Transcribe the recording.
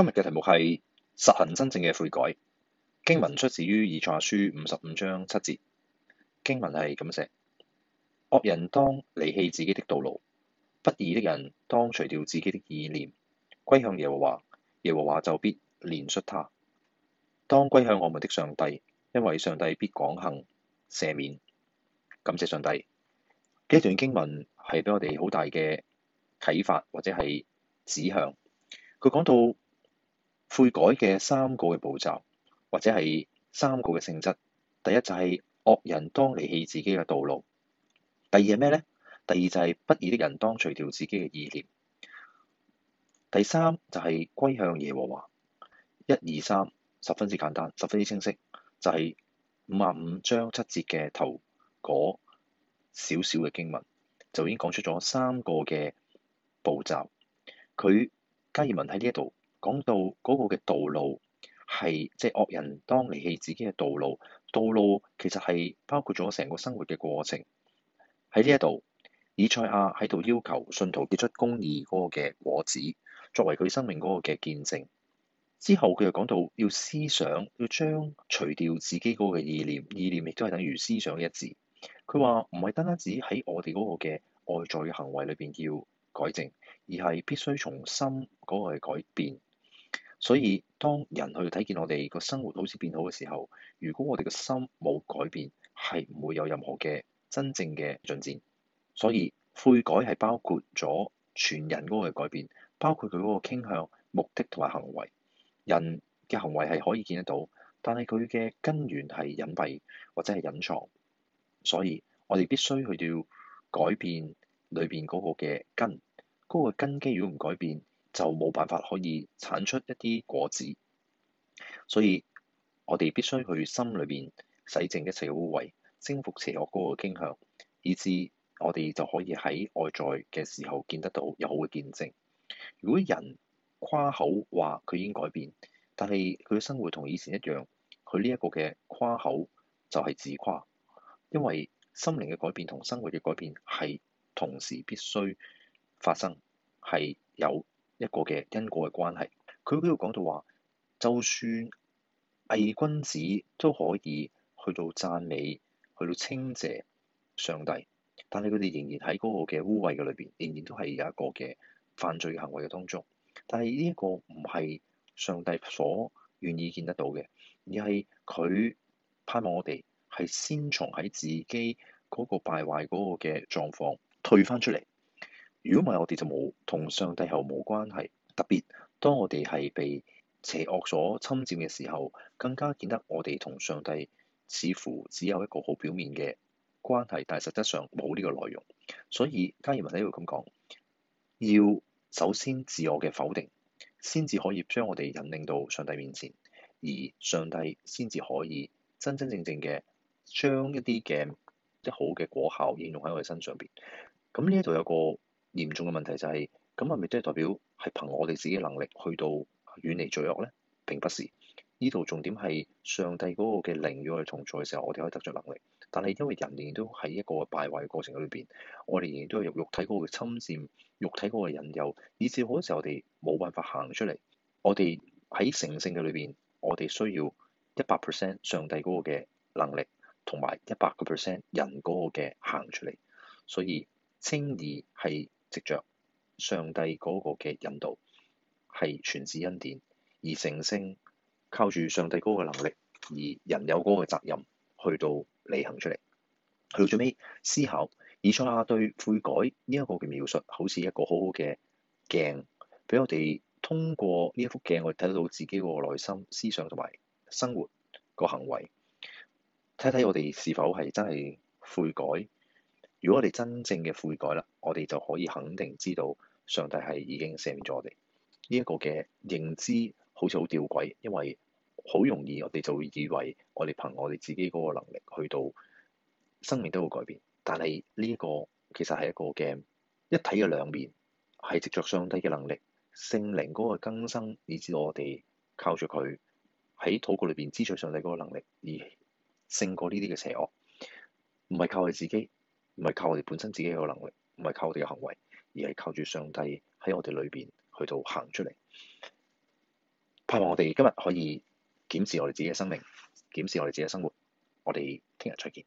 今日嘅題目係實行真正嘅悔改。經文出自於以賽亞書五十五章七節。經文係咁寫：惡人當離棄自己的道路，不義的人當除掉自己的意念，歸向耶和華，耶和華就必憐恤他。當歸向我們的上帝，因為上帝必廣行赦免。感謝上帝。呢段經文係俾我哋好大嘅啟發，或者係指向。佢講到。悔改嘅三個嘅步驟，或者係三個嘅性質。第一就係惡人當離棄自己嘅道路。第二係咩咧？第二就係不義的人當除掉自己嘅意念。第三就係歸向耶和華。一、二、三，十分之簡單，十分之清晰，就係五十五章七節嘅頭嗰少少嘅經文，就已經講出咗三個嘅步驟。佢加爾文喺呢一度。講到嗰個嘅道路係即惡人當離棄自己嘅道路，道路其實係包括咗成個生活嘅過程。喺呢一度，以賽亞喺度要求信徒結出公義嗰個嘅果子，作為佢生命嗰個嘅見證。之後佢又講到要思想，要將除掉自己嗰個意念，意念亦都係等於思想一詞。佢話唔係單單只喺我哋嗰個嘅外在嘅行為裏邊要改正，而係必須從心嗰個去改變。所以，當人去睇見我哋個生活好似變好嘅時候，如果我哋個心冇改變，係唔會有任何嘅真正嘅進展。所以悔改係包括咗全人嗰個改變，包括佢嗰個傾向、目的同埋行為。人嘅行為係可以見得到，但係佢嘅根源係隱蔽或者係隱藏。所以我哋必須去到改變裏邊嗰個嘅根，嗰個根基如果唔改變，就冇辦法可以產出一啲果子，所以我哋必須去心裏邊洗淨一切嘅污穢，征服邪惡嗰個傾向，以至我哋就可以喺外在嘅時候見得到有好嘅見證。如果人誇口話佢已經改變，但係佢嘅生活同以前一樣，佢呢一個嘅誇口就係自誇，因為心靈嘅改變同生活嘅改變係同時必須發生，係有。一個嘅因果嘅關係，佢嗰度講到話，就算偽君子都可以去到讚美，去到稱謝上帝，但係佢哋仍然喺嗰個嘅污穢嘅裏邊，仍然都係有一個嘅犯罪行為嘅當中。但係呢一個唔係上帝所願意見得到嘅，而係佢盼望我哋係先從喺自己嗰個敗壞嗰個嘅狀況退翻出嚟。如果唔係，我哋就冇同上帝後冇關係。特別當我哋係被邪惡所侵佔嘅時候，更加見得我哋同上帝似乎只有一個好表面嘅關係，但係實質上冇呢個內容。所以加爾文喺度咁講，要首先自我嘅否定，先至可以將我哋引領到上帝面前，而上帝先至可以真真正正嘅將一啲嘅一好嘅果效應用喺我哋身上邊。咁呢度有個嚴重嘅問題就係、是、咁，係咪都係代表係憑我哋自己嘅能力去到遠離罪惡咧？並不是。呢度重點係上帝嗰個嘅靈，與我哋同在嘅時候，我哋可以得著能力。但係因為人仍然都喺一個敗壞嘅過程裏邊，我哋仍然都係肉體嗰個侵佔、肉體嗰個引誘，以至好多時候我哋冇辦法行出嚟。我哋喺成聖嘅裏邊，我哋需要一百 percent 上帝嗰個嘅能力，同埋一百個 percent 人嗰個嘅行出嚟。所以，稱義係。藉着上帝嗰個嘅引導，係全是恩典，而成聖靠住上帝嗰個能力，而人有嗰個責任去到履行出嚟，去到，到最尾思考。以賽亞對悔改呢一個嘅描述，好似一個好好嘅鏡，俾我哋通過呢一幅鏡，我哋睇得到自己個內心思想同埋生活個行為，睇睇我哋是否係真係悔改。如果我哋真正嘅悔改啦，我哋就可以肯定知道上帝係已經赦免咗我哋。呢一個嘅認知好似好吊詭，因為好容易我哋就會以為我哋憑我哋自己嗰個能力去到生命都會改變。但係呢一個其實係一個嘅一體嘅兩面，係藉著上帝嘅能力、聖靈嗰個更新，以至我哋靠住佢喺禱告裏邊，支取上帝嗰個能力而勝過呢啲嘅邪惡，唔係靠我自己。唔係靠我哋本身自己嘅能力，唔係靠我哋嘅行為，而係靠住上帝喺我哋裏邊去到行出嚟。盼望我哋今日可以檢視我哋自己嘅生命，檢視我哋自己嘅生活。我哋聽日再見。